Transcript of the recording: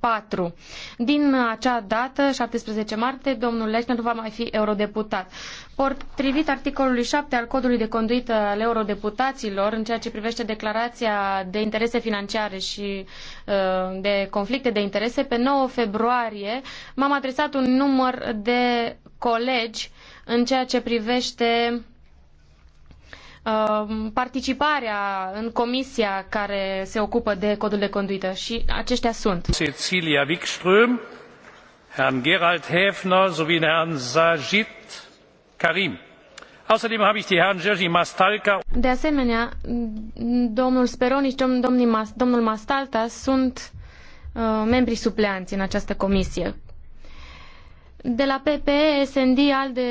4. Din acea dată, 17 martie, domnul Lechner nu va mai fi eurodeputat. Potrivit articolului 7 al codului de conduită al eurodeputaților, în ceea ce privește declarația de interese financiare și uh, de conflicte de interese, pe 9 februarie m-am adresat un număr de colegi în ceea ce privește Um, participarea în comisia care se ocupă de codul de conduită și aceștia sunt. Cecilia Wikström, Herrn Gerald Häfner sowie Herrn Sajid Karim. Außerdem habe ich die Herrn Jerzy Mastalka. De asemenea, domnul și domnul Mastalta sunt uh, membri supleanți în această comisie. De la PPE, SND, ALDE,